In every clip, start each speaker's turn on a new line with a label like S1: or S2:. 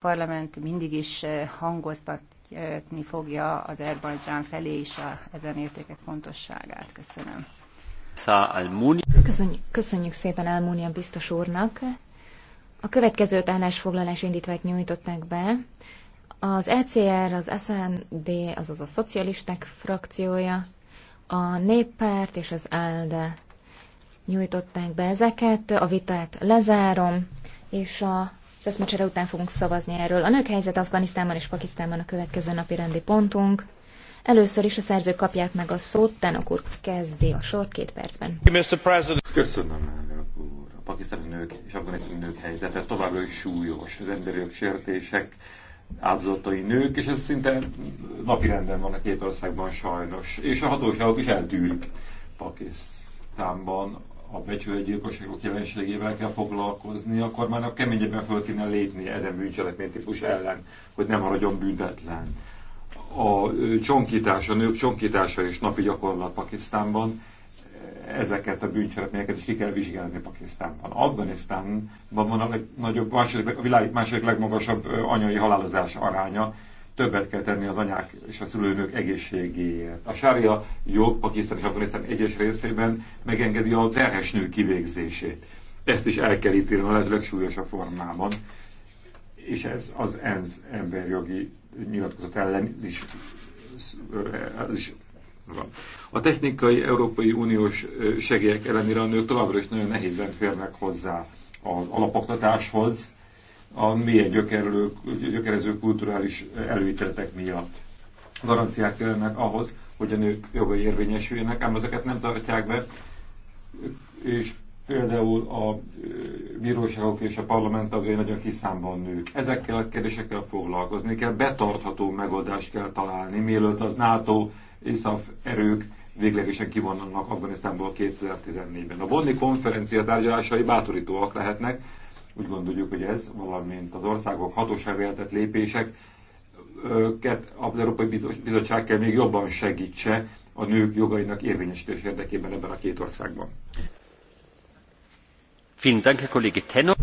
S1: parlament mindig is eh, hangoztatni fogja az Erbajdzsán felé is
S2: a, ezen értékek fontosságát. Köszönöm. Köszönjük, köszönjük szépen Almúnia biztos úrnak. A következő állásfoglalás indítványt nyújtották be. Az ECR, az SND, azaz a szocialisták frakciója, a néppárt és az ALDE nyújtották be ezeket. A vitát lezárom, és a az után fogunk szavazni erről. A nők helyzet Afganisztánban és Pakisztánban a következő napi rendi pontunk. Először is a szerzők kapják meg a szót, Tenok úr kezdi a sort két percben.
S3: Köszönöm, elnök úr. A pakisztáni nők és afganisztáni nők helyzete továbbra is súlyos. Az emberi sértések áldozatai nők, és ez szinte napirenden van a két országban sajnos. És a hatóságok is eltűrik Pakisztánban a becsületgyilkosságok jelenségével kell foglalkozni, akkor már a keményebben föl kéne lépni ezen bűncselekmény típus ellen, hogy nem maradjon büntetlen. A csonkítás, a nők csonkítása és napi gyakorlat Pakisztánban, ezeket a bűncselekményeket is ki kell vizsgálni Pakisztánban. Afganisztánban van a legnagyobb, második, a világ második legmagasabb anyai halálozás aránya, többet kell tenni az anyák és a szülőnök egészségéért. A sária jog Pakisztán és Afganisztán egyes részében megengedi a terhes nő kivégzését. Ezt is el kell ítélni a lehető legsúlyosabb formában, és ez az ENSZ emberjogi nyilatkozat ellen is, ez is van. A technikai Európai Uniós segélyek ellenére a nők továbbra is nagyon nehézen férnek hozzá az alapoktatáshoz, a mélyen gyökerező kulturális előítéletek miatt. Garanciák kellenek ahhoz, hogy a nők jogai érvényesüljenek, ám ezeket nem tartják be, és például a bíróságok és a parlament tagjai nagyon kis számban nők. Ezekkel a kérdésekkel foglalkozni kell, betartható megoldást kell találni, mielőtt az NATO, ISAF erők véglegesen kivonnak Afganisztánból 2014-ben. A Bonni konferencia tárgyalásai bátorítóak lehetnek, úgy gondoljuk, hogy ez, valamint az országok hatósága lépéseket, lépések, az Európai Bizottság kell még jobban segítse a nők jogainak érvényesítés érdekében ebben a két országban.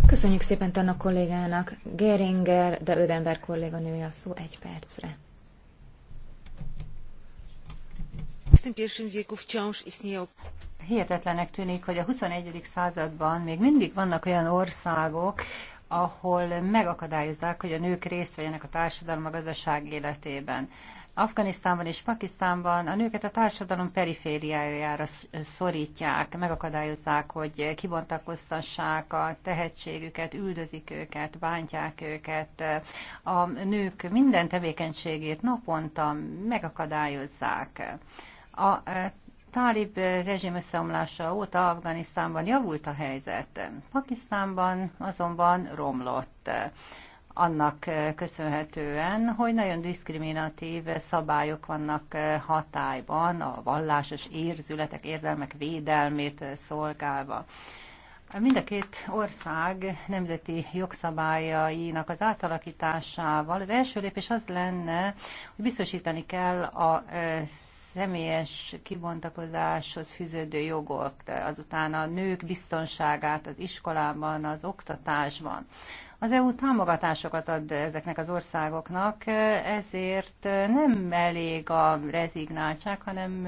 S2: Köszönjük szépen Tenno kollégának. Geringer, de Ödenberg nője a szó egy percre
S1: hihetetlenek tűnik, hogy a 21. században még mindig vannak olyan országok, ahol megakadályozzák, hogy a nők részt vegyenek a társadalom a gazdaság életében. Afganisztánban és Pakisztánban a nőket a társadalom perifériájára szorítják, megakadályozzák, hogy kibontakoztassák a tehetségüket, üldözik őket, bántják őket. A nők minden tevékenységét naponta megakadályozzák. A tálib eh, rezsim összeomlása óta Afganisztánban javult a helyzet. Pakisztánban azonban romlott annak eh, köszönhetően, hogy nagyon diszkriminatív szabályok vannak eh, hatályban, a vallásos érzületek, érzelmek védelmét szolgálva. Mind a két ország nemzeti jogszabályainak az átalakításával az első lépés az lenne, hogy biztosítani kell a személyes kibontakozáshoz fűződő jogok, de azután a nők biztonságát az iskolában, az oktatásban. Az EU támogatásokat ad ezeknek az országoknak, ezért nem elég a rezignáltság, hanem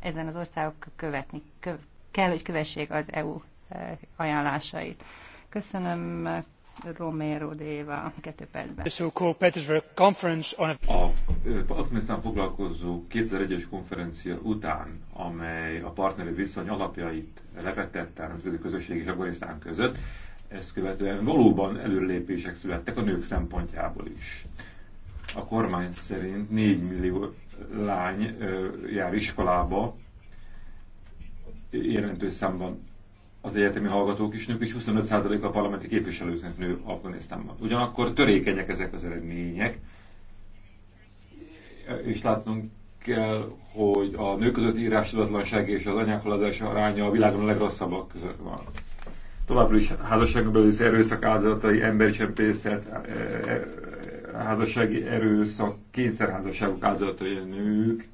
S1: ezen az országok követni, kö, kell, hogy kövessék az EU ajánlásait. Köszönöm Romero de Éva, kettő percben. A
S3: Afganisztán foglalkozó 2001-es konferencia után, amely a partneri viszony alapjait levetette a nemzetközi közösség és Afganisztán között, ezt követően valóban előrelépések születtek a nők szempontjából is. A kormány szerint 4 millió lány jár iskolába, jelentős számban az egyetemi hallgatók is nők, és 25% a parlamenti képviselőknek nő Afganisztánban. Ugyanakkor törékenyek ezek az eredmények, és látnunk kell, hogy a nők közötti írás tudatlanság és az anyák aránya a világon a legrosszabbak között van. Továbbra is házasságon belül az erőszak áldozatai, embercsempészet, e, e, e, házassági erőszak, kényszerházasságok áldozatai a nők.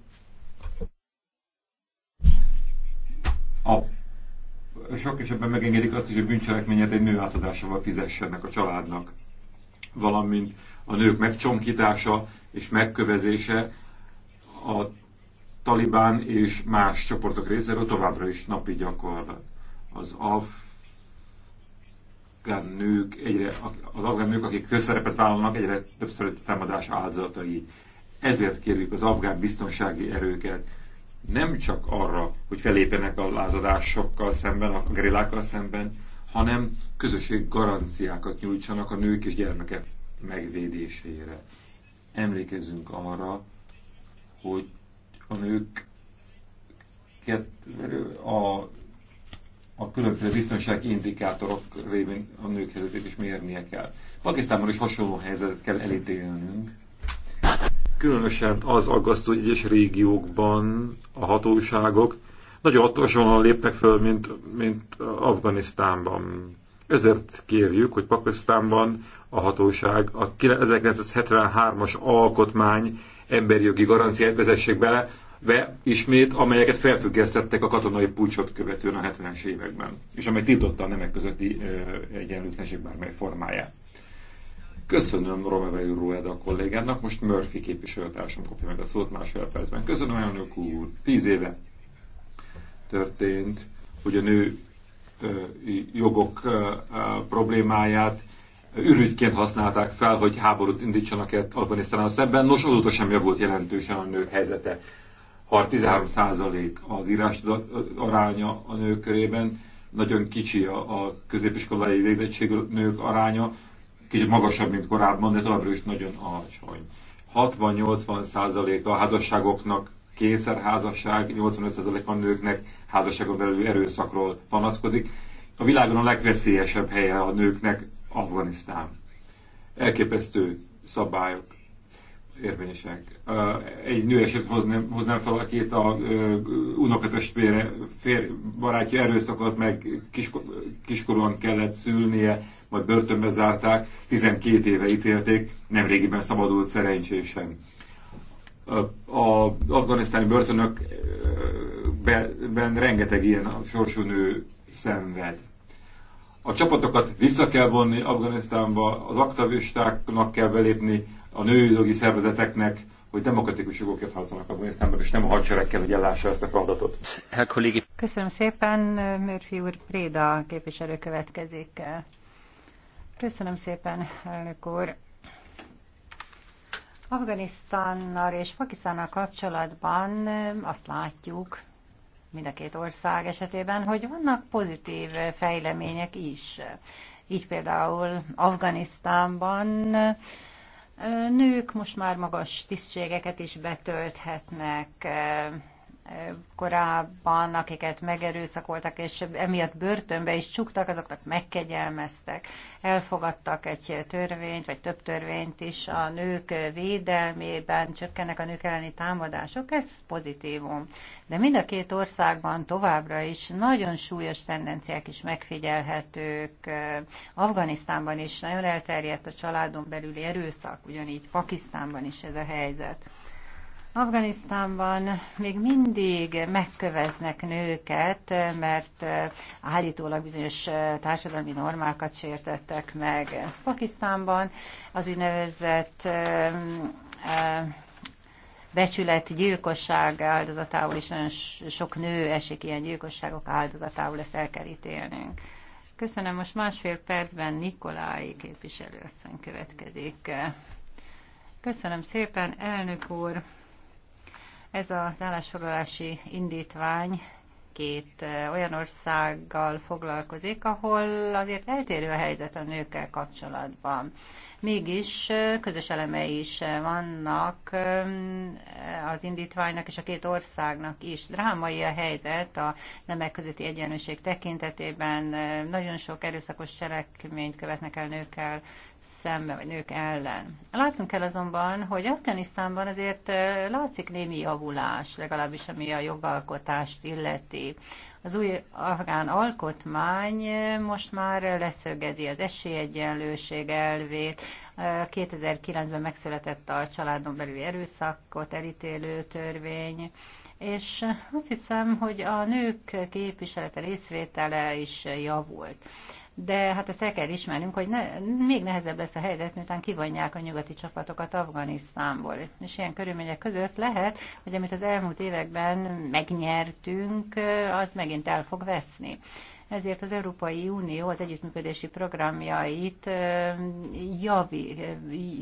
S3: A sok esetben megengedik azt, hogy a bűncselekményet egy nő átadásával fizessenek a családnak, valamint a nők megcsonkítása és megkövezése a talibán és más csoportok részéről továbbra is napi gyakorlat. Az afgán nők, egyre, az afgán nők, akik közszerepet vállalnak, egyre többször támadás áldozatai. Ezért kérjük az afgán biztonsági erőket, nem csak arra, hogy felépenek a lázadásokkal szemben, a grillákkal szemben, hanem közösség garanciákat nyújtsanak a nők és gyermekek megvédésére. Emlékezzünk arra, hogy a nők a, a különféle biztonsági indikátorok révén a nők helyzetét is mérnie kell. Pakisztánban is hasonló helyzetet kell elítélnünk, Különösen az aggasztó, hogy egyes régiókban a hatóságok nagyon hatósonnan lépnek föl, mint, mint Afganisztánban. Ezért kérjük, hogy Pakisztánban a hatóság a 1973-as alkotmány emberjogi garanciáját vezessék bele, be ismét, amelyeket felfüggesztettek a katonai pucsot követően a 70-es években, és amely tiltotta a nemek közötti egyenlőtlenség bármely formáját. Köszönöm Romevei Rueda kollégának, most Murphy képviselőtársam kapja meg a szót másfél percben. Köszönöm, elnök úr. Tíz éve történt, hogy a nő jogok problémáját ürügyként használták fel, hogy háborút indítsanak el Afganisztánnal szemben. Nos, azóta sem javult jelentősen a nők helyzete. 13 százalék az írás aránya a nők körében, nagyon kicsi a, a középiskolai végzettségű nők aránya, kicsit magasabb, mint korábban, de továbbra is nagyon alacsony. 60-80 százaléka a házasságoknak kényszerházasság, 85% a nőknek házasságon belül erőszakról panaszkodik. A világon a legveszélyesebb helye a nőknek Afganisztán. Elképesztő szabályok érvényesek. Egy nő eset hoznám, hoznám fel, akit a unokatestvére fér, barátja erőszakot, meg kiskor, kiskorúan kellett szülnie, majd börtönbe zárták, 12 éve ítélték, régiben szabadult szerencsésen. A afganisztáni börtönökben rengeteg ilyen sorsú nő szenved a csapatokat vissza kell vonni Afganisztánba, az aktivistáknak kell belépni, a női jogi szervezeteknek, hogy demokratikus használnak a Afganisztánban, és nem a hadsereg kell, hogy ellássa ezt a feladatot.
S1: Köszönöm szépen, Mörfi úr, Préda képviselő következik. Köszönöm szépen, elnök úr. Afganisztánnal és Pakisztánnal kapcsolatban azt látjuk, mind a két ország esetében, hogy vannak pozitív fejlemények is. Így például Afganisztánban nők most már magas tisztségeket is betölthetnek, korábban, akiket megerőszakoltak, és emiatt börtönbe is csuktak, azoknak megkegyelmeztek. Elfogadtak egy törvényt, vagy több törvényt is a nők védelmében, csökkennek a nők elleni támadások, ez pozitívum. De mind a két országban továbbra is nagyon súlyos tendenciák is megfigyelhetők. Afganisztánban is nagyon elterjedt a családon belüli erőszak, ugyanígy Pakisztánban is ez a helyzet. Afganisztánban még mindig megköveznek nőket, mert eh, állítólag bizonyos eh, társadalmi normákat sértettek meg. Pakisztánban az úgynevezett eh, gyilkosság áldozatául is nagyon sok nő esik ilyen gyilkosságok áldozatául, ezt el kell ítélnünk. Köszönöm, most másfél percben Nikolai képviselőasszony következik. Köszönöm szépen, elnök úr! Ez az állásfoglalási indítvány két olyan országgal foglalkozik, ahol azért eltérő a helyzet a nőkkel kapcsolatban. Mégis közös elemei is vannak az indítványnak és a két országnak is. Drámai a helyzet a nemek közötti egyenlőség tekintetében. Nagyon sok erőszakos cselekményt követnek el nőkkel szemben, vagy nők ellen. Látunk kell azonban, hogy Afganisztánban azért látszik némi javulás, legalábbis ami a jogalkotást illeti. Az új afgán alkotmány eh, most már leszögezi az esélyegyenlőség elvét, 2009-ben eh, megszületett a családon belüli erőszakot elítélő törvény, és azt hiszem, hogy a nők képviselete részvétele is javult de hát ezt el kell ismernünk, hogy ne, még nehezebb lesz a helyzet, miután kivonják a nyugati csapatokat Afganisztánból. És ilyen körülmények között lehet, hogy amit az elmúlt években megnyertünk, az megint el fog veszni ezért az Európai Unió az együttműködési programjait javi,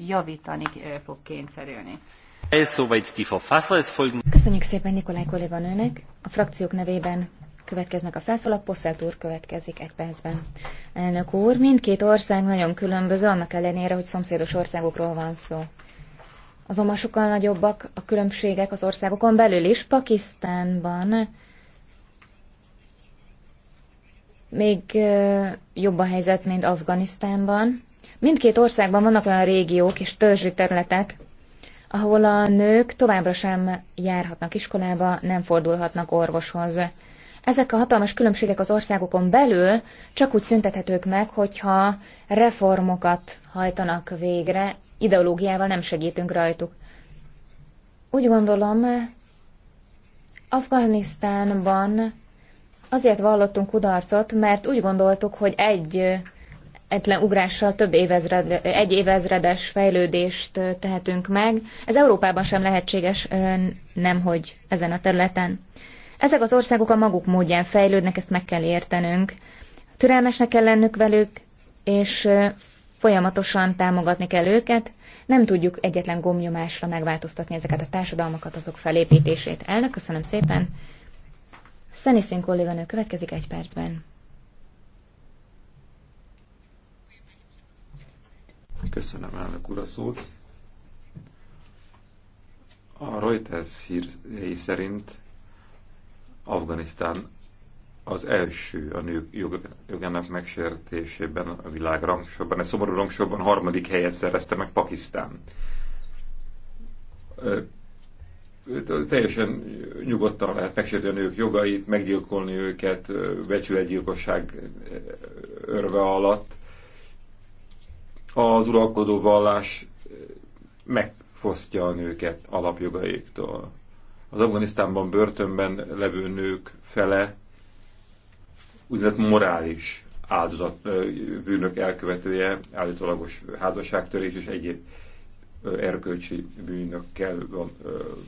S2: javítani fog kényszerülni. Köszönjük szépen Nikolaj kolléganőnek. A frakciók nevében Következnek a felszólalók, Posszelt úr következik egy percben. Elnök úr, mindkét ország nagyon különböző, annak ellenére, hogy szomszédos országokról van szó. Azonban sokkal nagyobbak a különbségek az országokon belül is. Pakisztánban még jobb a helyzet, mint Afganisztánban. Mindkét országban vannak olyan régiók és törzsi területek, ahol a nők továbbra sem járhatnak iskolába, nem fordulhatnak orvoshoz. Ezek a hatalmas különbségek az országokon belül csak úgy szüntethetők meg, hogyha reformokat hajtanak végre, ideológiával nem segítünk rajtuk. Úgy gondolom, Afganisztánban azért vallottunk kudarcot, mert úgy gondoltuk, hogy egy etlen ugrással több évezred, egy évezredes fejlődést tehetünk meg. Ez Európában sem lehetséges, nemhogy ezen a területen. Ezek az országok a maguk módján fejlődnek, ezt meg kell értenünk. Türelmesnek kell lennünk velük, és folyamatosan támogatni kell őket. Nem tudjuk egyetlen gomnyomásra megváltoztatni ezeket a társadalmakat, azok felépítését. Elnök, köszönöm szépen. Szeniszín kolléganő következik egy percben.
S3: Köszönöm elnök úr a szót. A Reuters hírei szerint Afganisztán az első a nők jogának megsértésében a világ rangsorban. Egy szomorú rangsorban harmadik helyet szerezte meg Pakisztán. Teljesen nyugodtan lehet megsérteni a nők jogait, meggyilkolni őket becsületgyilkosság örve alatt. Az uralkodó vallás megfosztja a nőket alapjogaiktól az Afganisztánban börtönben levő nők fele úgynevezett morális áldozat, bűnök elkövetője, állítólagos házasságtörés és egyéb erkölcsi bűnökkel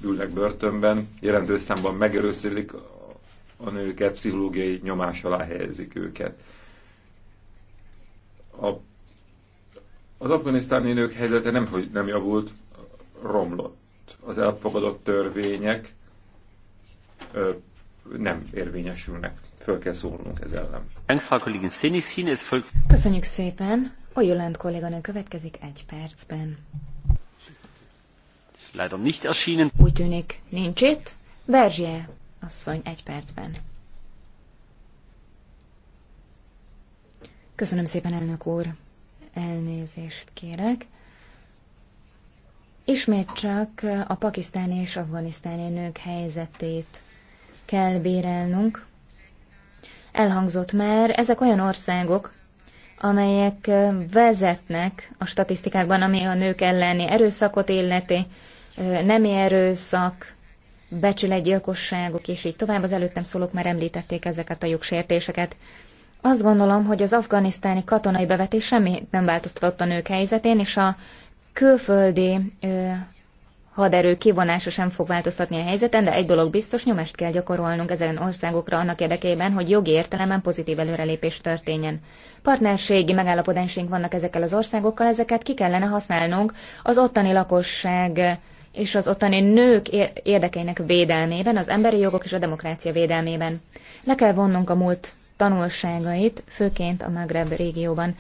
S3: ülnek börtönben. Jelentős számban megerőszélik a nőket, pszichológiai nyomás alá helyezik őket. A, az afganisztáni nők helyzete nem, hogy nem javult, romlott az elfogadott törvények ö, nem érvényesülnek. Föl kell szólnunk ez ellen.
S2: Köszönjük szépen. Jolent kolléganő következik egy percben.
S3: Leider nicht erschienen.
S2: Úgy tűnik, nincs itt. Berzsie asszony egy percben. Köszönöm szépen, elnök úr. Elnézést kérek. Ismét csak a pakisztáni és afganisztáni nők helyzetét kell bérelnünk. Elhangzott már, ezek olyan országok, amelyek vezetnek a statisztikákban, ami a nők elleni erőszakot illeti, nemi erőszak, becsületgyilkosságok, és így tovább. Az előttem szólók már említették ezeket a jogsértéseket. Azt gondolom, hogy az afganisztáni katonai bevetés semmit nem változtatott a nők helyzetén, és a külföldi ö, haderő kivonása sem fog változtatni a helyzeten, de egy dolog biztos, nyomást kell gyakorolnunk ezen országokra annak érdekében, hogy jogi értelemben pozitív előrelépés történjen. Partnerségi megállapodásaink vannak ezekkel az országokkal, ezeket ki kellene használnunk az ottani lakosság és az ottani nők érdekeinek védelmében, az emberi jogok és a demokrácia védelmében. Le kell vonnunk a múlt tanulságait, főként a Magreb régióban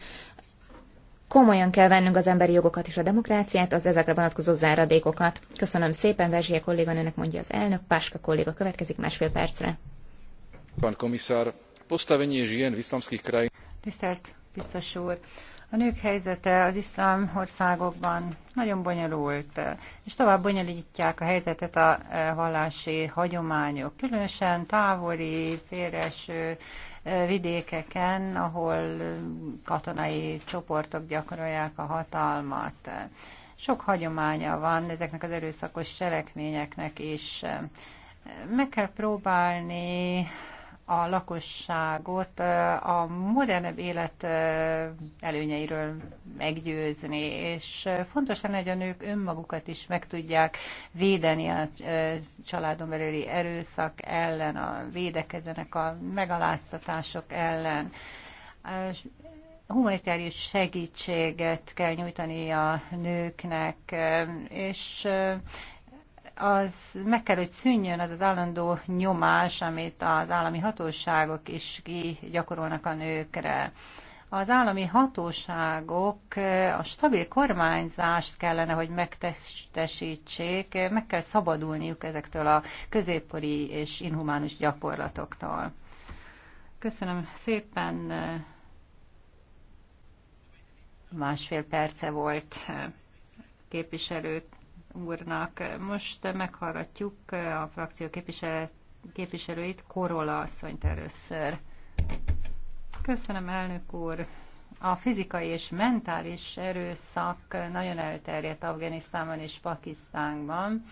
S2: komolyan kell vennünk az emberi jogokat és a demokráciát, az ezekre vonatkozó záradékokat. Köszönöm szépen, Verzsie kolléganőnek mondja az elnök, Páska kolléga következik másfél percre.
S3: Pán komisár, postavenie žien v iszlamských krajín...
S1: Tisztelt biztos úr, a nők helyzete az iszlám országokban nagyon bonyolult, és tovább bonyolítják a helyzetet a eh, vallási hagyományok, különösen távoli, félreső, vidékeken, ahol katonai csoportok gyakorolják a hatalmat. Sok hagyománya van ezeknek az erőszakos cselekményeknek is. Meg kell próbálni a lakosságot a modernebb élet előnyeiről meggyőzni, és fontos lenne, hogy a nők önmagukat is meg tudják védeni a családon belüli erőszak ellen, a védekezenek a megaláztatások ellen humanitárius segítséget kell nyújtani a nőknek, és az meg kell, hogy szűnjön az az állandó nyomás, amit az állami hatóságok is gyakorolnak a nőkre. Az állami hatóságok eh, a stabil kormányzást kellene, hogy megtestesítsék, eh, meg kell szabadulniuk ezektől a középkori és inhumánus gyakorlatoktól. Köszönöm szépen. Eh, másfél perce volt képviselőt úrnak. Most meghallgatjuk a frakció képviselőit, Korola asszonyt először. Köszönöm, elnök úr! A fizikai és mentális erőszak nagyon elterjedt Afganisztánban és Pakisztánban.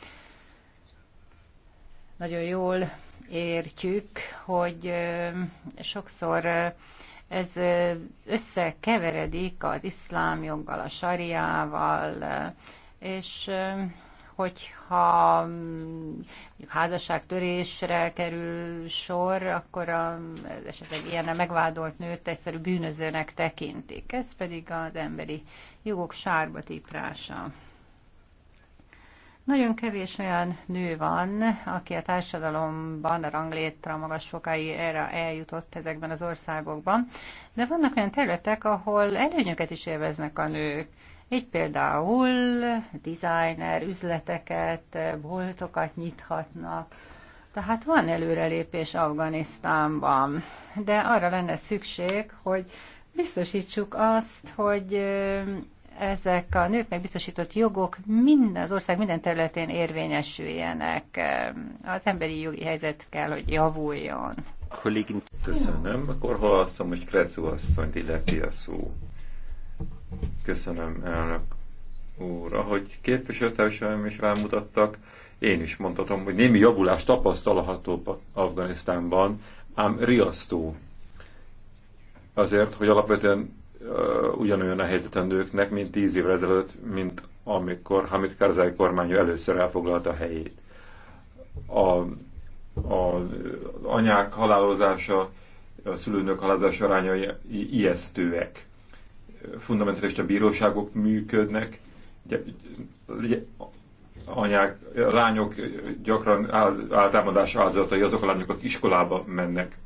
S1: Nagyon jól értjük, hogy sokszor ez összekeveredik az iszlám joggal, a sariával, és hogyha házasságtörésre kerül sor, akkor a, esetleg ilyen a megvádolt nőt egyszerű bűnözőnek tekintik. Ez pedig az emberi jogok sárba típrása. Nagyon kevés olyan nő van, aki a társadalomban a ranglétra magas fokai erre eljutott ezekben az országokban, de vannak olyan területek, ahol előnyöket is élveznek a nők. Így például designer üzleteket, boltokat nyithatnak, tehát van előrelépés Afganisztánban, de arra lenne szükség, hogy biztosítsuk azt, hogy ezek a nőknek biztosított jogok minden az ország minden területén érvényesüljenek. Az emberi jogi helyzet kell, hogy javuljon.
S3: köszönöm. Akkor ha hogy Krecu asszonyt illeti a szó. Köszönöm, elnök úr. Ahogy képviselőtársaim is rámutattak, én is mondhatom, hogy némi javulás tapasztalható Afganisztánban, ám riasztó. Azért, hogy alapvetően uh, ugyanolyan a helyzet a nőknek, mint tíz évvel ezelőtt, mint amikor Hamid Karzai kormánya először elfoglalta a helyét. A, a anyák halálozása, a szülőnök halálozása arányai ijesztőek fundamentalista bíróságok működnek, anyák, lányok gyakran áltámadás áldozatai, azok a lányok, akik iskolába mennek.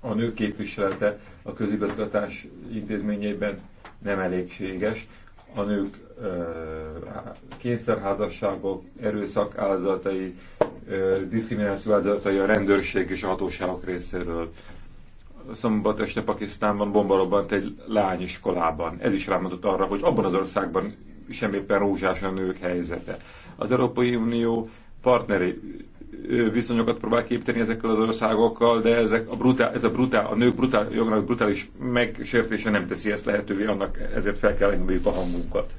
S3: A nő képviselete a közigazgatás intézményeiben nem elégséges. A nők kényszerházasságok, erőszak áldozatai, diszkrimináció áldozatai a rendőrség és a hatóságok részéről szombat este Pakisztánban bombarobbant egy lányiskolában. Ez is rámutat arra, hogy abban az országban sem éppen rózsás a nők helyzete. Az Európai Unió partneri viszonyokat próbál képteni ezekkel az országokkal, de ezek a, brutál, ez a, brutál, a nők brutál, jognak brutális megsértése nem teszi ezt lehetővé, annak ezért fel kell engedjük a hangunkat.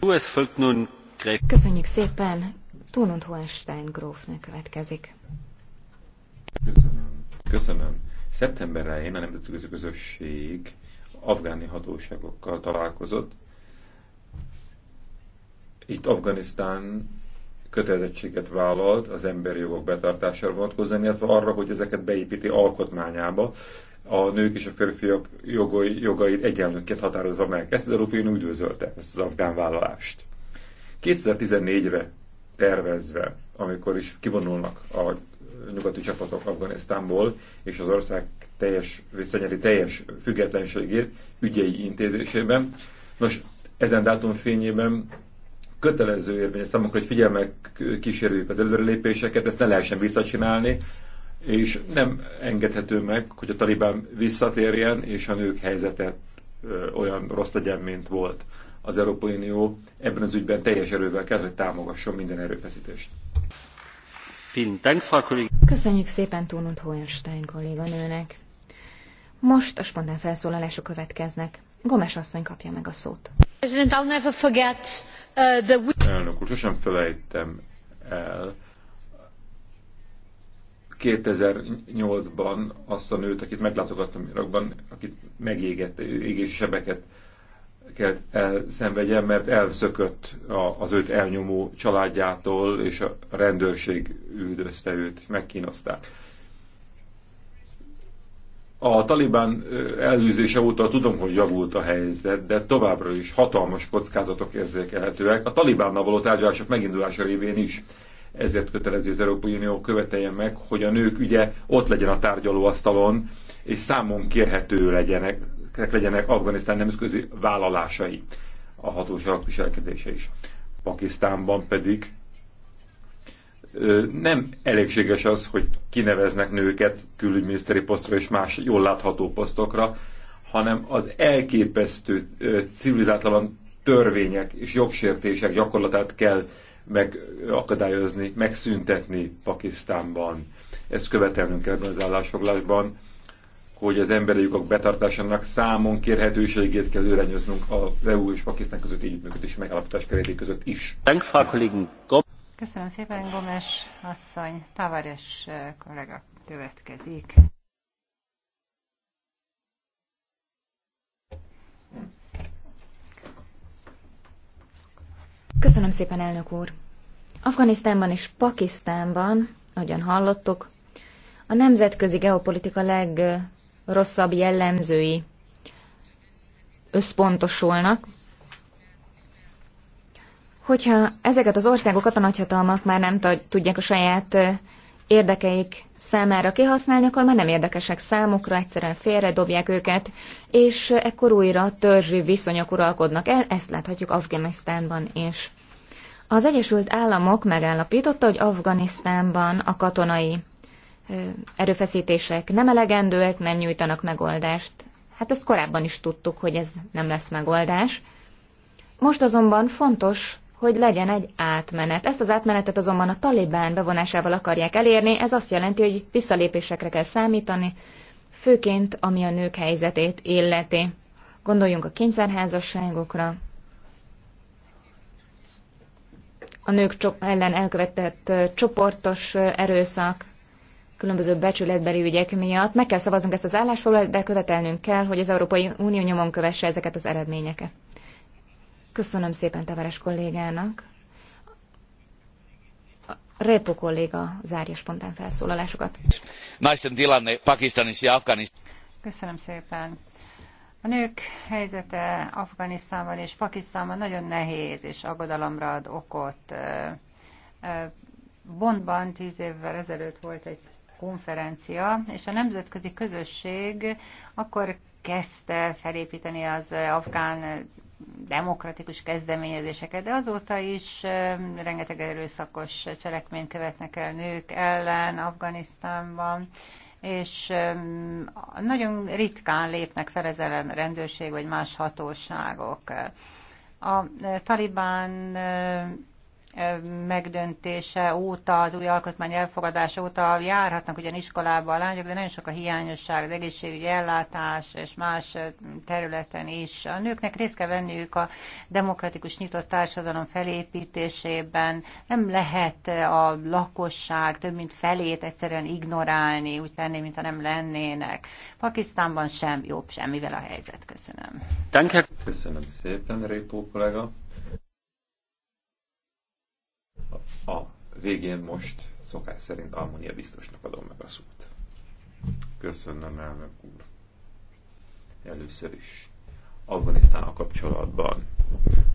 S2: Köszönjük szépen! Tunund Hohenstein grófnő következik.
S3: Köszönöm. Köszönöm Szeptember elején a nemzetközi közösség afgáni hatóságokkal találkozott. Itt Afganisztán kötelezettséget vállalt az emberi jogok betartására vonatkozóan, illetve arra, hogy ezeket beépíti alkotmányába, a nők és a férfiak jogai, jogait egyenlőként határozva meg. Ezt az Európai Unió üdvözölte, ezt az afgán vállalást. 2014-re tervezve, amikor is kivonulnak a nyugati csapatok Afganisztánból és az ország teljes, visszanyeri teljes függetlenségért ügyei intézésében. Nos, ezen dátum fényében kötelező érvény számunkra, hogy figyelmek kísérjük az előrelépéseket, ezt ne lehessen visszacsinálni, és nem engedhető meg, hogy a talibán visszatérjen, és a nők helyzete olyan rossz legyen, mint volt. Az Európai Unió ebben az ügyben teljes erővel kell, hogy támogasson minden erőfeszítést.
S2: Köszönjük szépen Tónut Hohenstein kolléganőnek. Most a spontán felszólalások következnek. Gomes asszony kapja meg a szót. Uh, Elnök
S3: úr, sosem felejtem el. 2008-ban azt a nőt, akit meglátogattam Irakban, akit megégett, égési sebeket kell elszenvedjen, mert elszökött az őt elnyomó családjától, és a rendőrség üldözte őt, megkínozták. A talibán elűzése óta tudom, hogy javult a helyzet, de továbbra is hatalmas kockázatok érzékelhetőek. A talibánnal való tárgyalások megindulása révén is ezért kötelező az Európai Unió követelje meg, hogy a nők ügye ott legyen a tárgyalóasztalon, és számon kérhető legyenek, legyenek Afganisztán nemzetközi vállalásai, a hatóságok viselkedése is. Pakisztánban pedig nem elégséges az, hogy kineveznek nőket külügyminiszteri posztra és más jól látható posztokra, hanem az elképesztő civilizátlan törvények és jogsértések gyakorlatát kell megakadályozni, megszüntetni Pakisztánban. Ezt követelnünk kell ebben az állásfoglalásban, hogy az emberi jogok betartásának számon kérhetőségét kell őrenyőznünk az EU és Pakisztán közötti együttműködési megállapítás keretei között is.
S1: Köszönöm szépen, Gomes asszony. Tavares kollega következik.
S2: Köszönöm szépen, elnök úr. Afganisztánban és Pakisztánban, ahogyan hallottuk, a nemzetközi geopolitika legrosszabb jellemzői összpontosulnak, hogyha ezeket az országokat a nagyhatalmak már nem tudják a saját érdekeik számára kihasználni, akkor már nem érdekesek számukra, egyszerűen dobják őket, és ekkor újra törzsi viszonyok uralkodnak el, ezt láthatjuk Afganisztánban is. Az Egyesült Államok megállapította, hogy Afganisztánban a katonai erőfeszítések nem elegendőek, nem nyújtanak megoldást. Hát ezt korábban is tudtuk, hogy ez nem lesz megoldás. Most azonban fontos, hogy legyen egy átmenet. Ezt az átmenetet azonban a talibán bevonásával akarják elérni, ez azt jelenti, hogy visszalépésekre kell számítani, főként ami a nők helyzetét illeti. Gondoljunk a kényszerházasságokra, a nők ellen elkövetett csoportos erőszak, különböző becsületbeli ügyek miatt. Meg kell szavaznunk ezt az állásfoglalat, de követelnünk kell, hogy az Európai Unió nyomon kövesse ezeket az eredményeket. Köszönöm szépen Tavares kollégának. Répo kolléga zárja spontán felszólalásokat. Köszönöm szépen.
S1: A nők helyzete Afganisztánban és Pakisztánban nagyon nehéz és aggodalomra ad okot. Bondban tíz évvel ezelőtt volt egy konferencia, és a nemzetközi közösség akkor kezdte felépíteni az afgán demokratikus kezdeményezéseket, de azóta is rengeteg erőszakos cselekményt követnek el nők ellen Afganisztánban, és nagyon ritkán lépnek fel ezzel a rendőrség vagy más hatóságok. A e, talibán megdöntése óta, az új alkotmány elfogadása óta járhatnak ugyan iskolába a lányok, de nagyon sok a hiányosság, az egészségügyi ellátás és más területen is. A nőknek részt kell venniük a demokratikus nyitott társadalom felépítésében. Nem lehet a lakosság több mint felét egyszerűen ignorálni, úgy tenni, mintha nem lennének. Pakisztánban sem jobb semmivel a helyzet. Köszönöm.
S3: Köszönöm szépen, Répó kollega. végén most szokás szerint Almonia biztosnak adom meg a szót. Köszönöm, elnök úr. Először is. a kapcsolatban.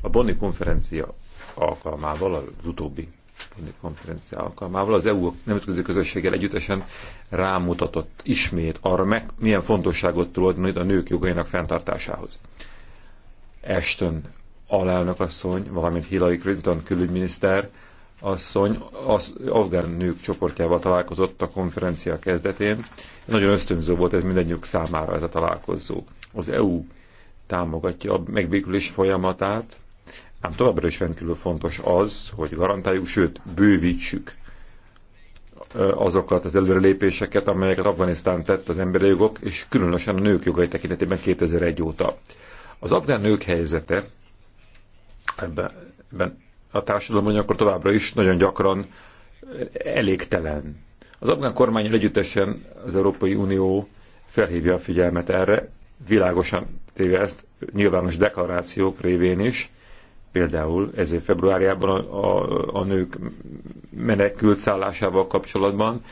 S3: A Bonni konferencia alkalmával, az utóbbi Bonni konferencia alkalmával az EU nemzetközi közösséggel együttesen rámutatott ismét arra meg, milyen fontosságot tulajdonít a nők jogainak fenntartásához. Ashton alelnök asszony, valamint Hillary Clinton külügyminiszter asszony az afgán nők csoportjával találkozott a konferencia kezdetén. Nagyon ösztönző volt ez mindannyiuk számára ez a találkozó. Az EU támogatja a megbékülés folyamatát, ám továbbra is rendkívül fontos az, hogy garantáljuk, sőt, bővítsük azokat az előrelépéseket, amelyeket Afganisztán tett az emberi jogok, és különösen a nők jogai tekintetében 2001 óta. Az afgán nők helyzete ebben, ebben a társadalom akkor továbbra is nagyon gyakran elégtelen. Az afgán kormány együttesen az Európai Unió felhívja a figyelmet erre, világosan téve ezt nyilvános deklarációk révén is, például ezért februárjában a, a, a nők menekült szállásával kapcsolatban,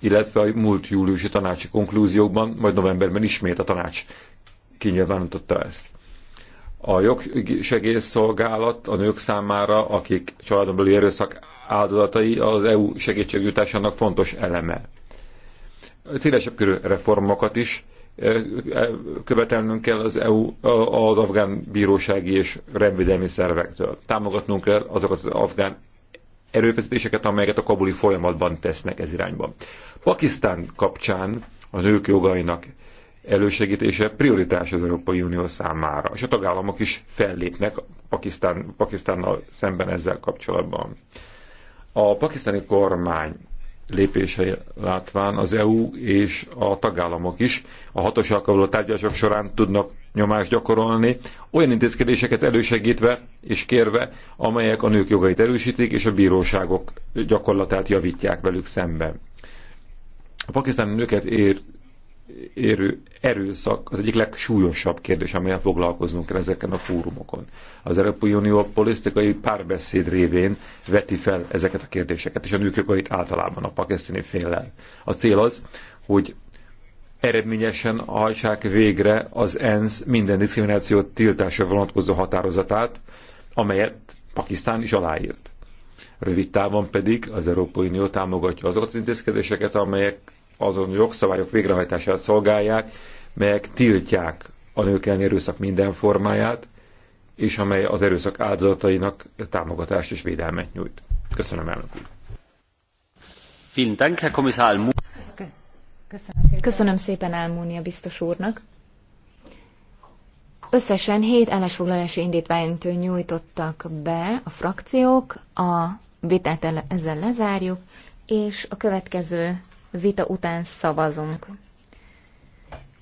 S3: illetve a múlt júliusi tanácsi konklúziókban, majd novemberben ismét a tanács kinyilvánította ezt a jogsegélyszolgálat a nők számára, akik családon belüli erőszak áldozatai az EU segítségnyújtásának fontos eleme. Szélesebb körű reformokat is e, e, követelnünk kell az EU, az afgán bírósági és rendvédelmi szervektől. Támogatnunk kell azokat az afgán erőfeszítéseket, amelyeket a kabuli folyamatban tesznek ez irányban. Pakisztán kapcsán a nők jogainak elősegítése prioritás az Európai Unió számára, és a tagállamok is fellépnek Pakisztán, Pakisztánnal szemben ezzel kapcsolatban. A pakisztáni kormány lépései látván az EU és a tagállamok is a hatos alkalmazott tárgyalások során tudnak nyomást gyakorolni, olyan intézkedéseket elősegítve és kérve, amelyek a nők jogait erősítik és a bíróságok gyakorlatát javítják velük szemben. A pakisztáni nőket ér, érő erőszak az egyik legsúlyosabb kérdés, amelyen foglalkoznunk kell ezeken a fórumokon. Az Európai Unió politikai párbeszéd révén veti fel ezeket a kérdéseket, és a nők jogait általában a pakisztáni féllel. A cél az, hogy eredményesen hajtsák végre az ENSZ minden diszkrimináció tiltásra vonatkozó határozatát, amelyet Pakisztán is aláírt. Rövid távon pedig az Európai Unió támogatja azokat az intézkedéseket, amelyek azon jogszabályok végrehajtását szolgálják, melyek tiltják a nők elleni erőszak minden formáját, és amely az erőszak áldozatainak támogatást és védelmet nyújt. Köszönöm, elnök úr.
S2: Köszönöm szépen a biztos úrnak. Összesen hét állásfoglalási indítványt nyújtottak be a frakciók, a vitát ezzel lezárjuk, és a következő vita után szavazunk.